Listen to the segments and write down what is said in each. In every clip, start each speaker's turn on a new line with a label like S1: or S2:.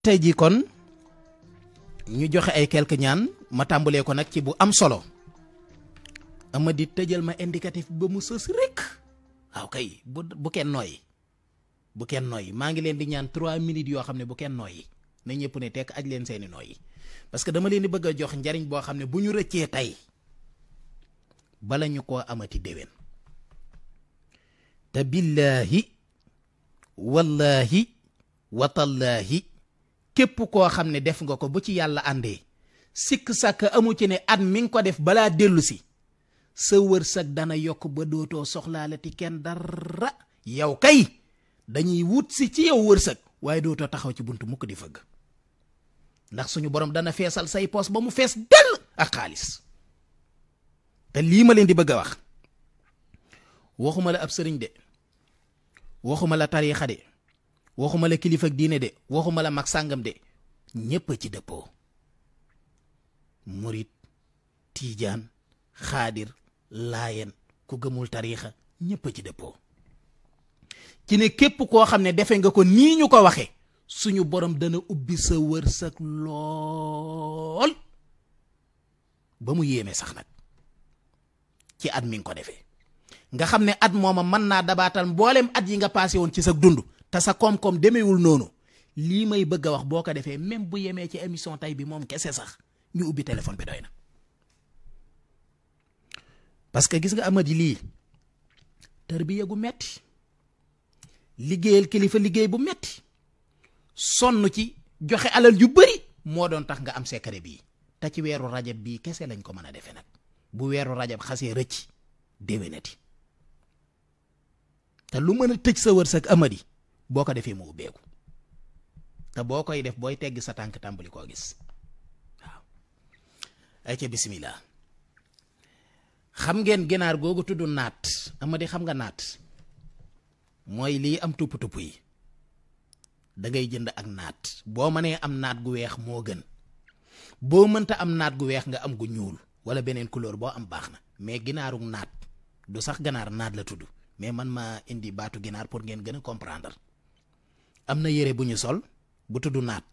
S1: tey jii kon ñu joxe ay quelques ma tàmbalee ko nag ci bu am solo ama di tëjal ma indicatif ba mu sës rek waaw kay bu kenn nooyi bu maa ngi leen di ñaan trois minutes yoo xam ne bu kenn nooyi na ñëpp ne tekk aj leen seeni nooyi parce que dama leen di bëgg a jox njariñ boo xam ne bu ñu rëccee tey bala ñu ko amati déwén te billaahi wallaahi watallaahi képp koo xam ne def nga ko bu ci yàlla àndee sikk sàkk amu ci ne at mi nga ko def balaa dellu si sa wërsëg dana yokk ba dootoo soxlaalati kenn dara yow kay dañuy wut si ci yow wërsëg waaye dootoo taxaw ci bunt mukk di fëgg ndax suñu borom dana feesal say poos ba mu fees dell ak xaalis te lii ma leen di bëgg a wax waxuma la ab sëriñ de waxuma la tariixa de waxuma la kilifa ak diine de waxuma la mag sàngam de ñépp ci dëppoo murit tiijaan xaadir laayen ku gëmul tariixa ñépp ci dëppoo ci ne képp koo xam ne defe nga ko nii ñu ko waxe suñu borom dana ubbi sa wërsëg lool ba mu yéeme sax nag ci at mi nga ko defee nga xam ne at mooma mën naa dabaatal mboolem at yi nga passé woon ci sag dund te sa koom-koom demeewul noonu lii may bëgg a wax boo ko defee même bu yemee ci émission tey bi moom kese sax ñu ubbi téléphone bi doy na parce que gis nga amadi lii tarbiya gu metti liggéeyal kilifa liggéey bu metti sonn ci joxe alal yu bari moo doon tax nga am secret bii te ci weeru rajab bii kese lañ ko mën a defee nag bu weeru rajab xasee rëcc déwénati te lu mën a tëj sa wër wërsëg amadi boo ko defee mu ubbeeku te boo koy def booy tegg sa tànk tàmbali koo gis waaw ay ca bismillah xam ngeen ginaar googu tudd naat amadi xam nga naat mooy lii am tupp tupp yi da jënd ak naat boo mënee am naat gu weex moo gën boo mënta am naat gu weex nga am gu ñuul wala beneen couleur boo am baax na mais ginaarug naat du sax ganaar naat la tudd mais man ma indi baatu ginaar pour ngeen gën a comprendre am na yére bu ñu sol bu tudd naat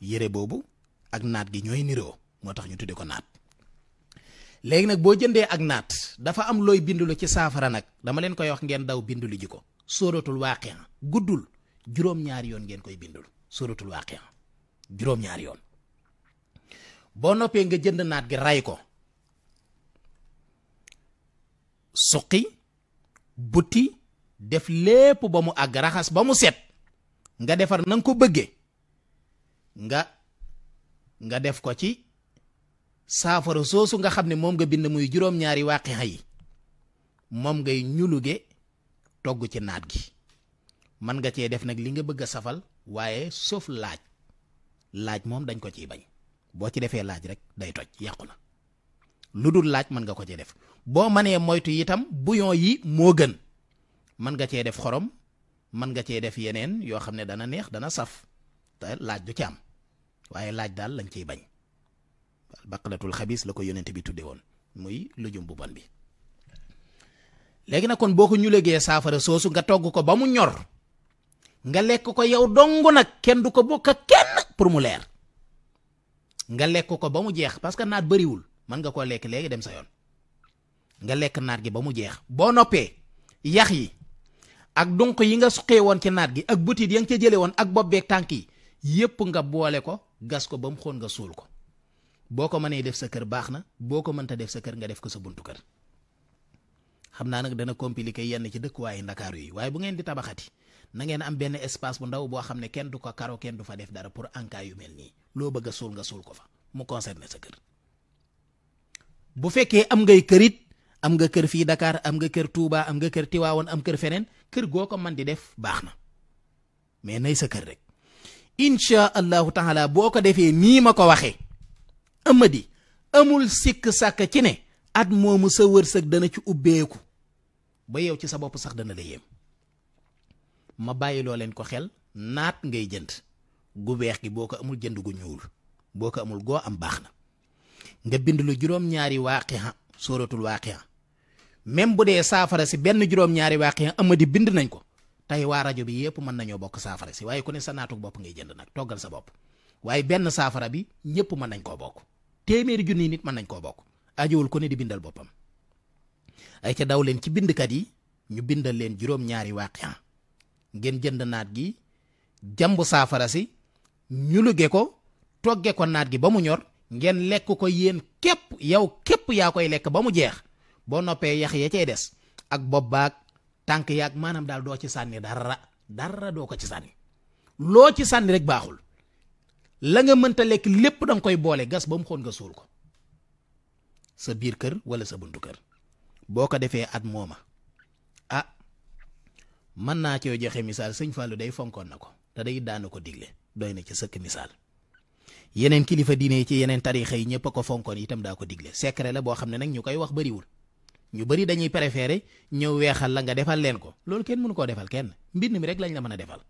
S1: yére boobu ak naat gi ñooy niroo moo tax ñu tudde ko naat léegi nag boo jëndee ak naat dafa am looy bindulu ci saafara nag dama leen koy wax ngeen daw bindulu ji ko sóoratul waaqiya guddul juróom-ñaari yoon ngeen koy bindul sóoratul waaqiya juróom-ñaari yoon boo noppee nga jënd naat gi ray ko suqi butti def lépp ba mu àgg raxas ba mu set nga defar na ko bëggee nga nga def ko ci saafara soosu nga xam ne moom nga bind muy juróom-ñaari waaqixa yi moom ngay ñuluge togg ci naat gi mën nga cee def nag li nga bëgg a safal waaye sauf laaj laaj moom dañ ko ciy bañ boo ci defee laaj rek day toj yàqu na lu dul laaj mën nga ko cee def boo mënee moytu itam buyon yi moo gën mën nga cee def xorom mën nga cee def yeneen yoo xam ne dana neex dana saf te laaj du ci am waaye laaj daal lañ ciy bañ baqalatul xabiis la ko yonent bi tudde woon muy lujum bu bon bi léegi nag kon boo ko ñu légee saafara soosu nga togg ko ba mu ñor nga lekk ko yow dong nag kenn du ko bokk ak kenn pour mu leer nga lekk ko ba mu jeex parce que naat bariwul mën nga koo lekk léegi dem sa yoon nga lekk naat gi ba mu jeex boo noppee yax yi ak donc yi nga suqee woon ci naat gi ak butit ya nga ca jële woon ak bopp beeg tànk yi yépp nga boole ko gas ko ba mu xoon nga suul ko boo ko mënee def sa kër baax na boo ko mënta def sa kër nga def ko sa buntu kër xam naa nag dana compliqué yenn ci dëkkuwaayu ndakaaru yi waaye bu ngeen di tabaxati na ngeen am benn espace bu ndaw boo xam ne kenn du ko karo kenn du fa def dara pour en yu mel nii loo bëgg a suul nga suul ko fa mu concerné sa kër bu fekkee am ngay kërit am nga kër fii Dakar am nga kër Touba am nga kër Tiwaawoon am kër feneen kër goo ko man di def baax na mais nay sa kër rek incha allahu taala boo ko defee nii ma ko waxee amadi amul sikk sàkk ci ne at moomu sa wërsëg dana ci ubbeeku ba yow ci sa bopp sax dana la yéem ma bàyyi leen ko xel naat ngay jënd gu weex gi boo ko amul jënd gu ñuul boo ko amul goo am baax na nga bind lu juróom-ñaari waaqiha sóoratul waaqiha même bu dee saafara si benn juróom-ñaari waaqiya amadi bind nañ ko tey waa rajo bi yëpp mën nañoo bokk saafara si waaye ku ne sa naatug bopp ngay jënd nag toggal sa bopp waaye benn saafara bi ñëpp mën nañ koo bokk téeméeri junni nit mën nañ koo bokk ajowul ku ne di bindal boppam ay daw leen ci bindkat yi ñu bindal leen juróom-ñaari ngeen jënd naat gi jamb saafara si ñu luge ko togge ko naat gi ba mu ñor ngeen lekk ko yéen képp yow képp yaa koy lekk ba mu jeex boo noppee yax ya cay des ak bopp baag tànk yaag maanaam daal doo ci sànni dara dara doo ko ci sànni loo ci sànni rek baaxul la nga mënta lekk lépp danga koy boole gas ba mu xoon nga suul ko sa biir kër wala sa buntu kër boo ko defee at mooma ah mën naa cee joxe misaal sëñ Fallou day fonkoon na ko te day daana ko digle doy na ci sëkk misaal yeneen kilifa diine yi ci yeneen tariixa yi ñëpp a ko fonkoon itam daa ko digle secret la boo xam ne nag ñu koy wax bariwul ñu bari dañuy préférer ñëw weexal la nga defal leen ko loolu kenn mënu koo defal kenn mbind mi rek lañ la mën a defal.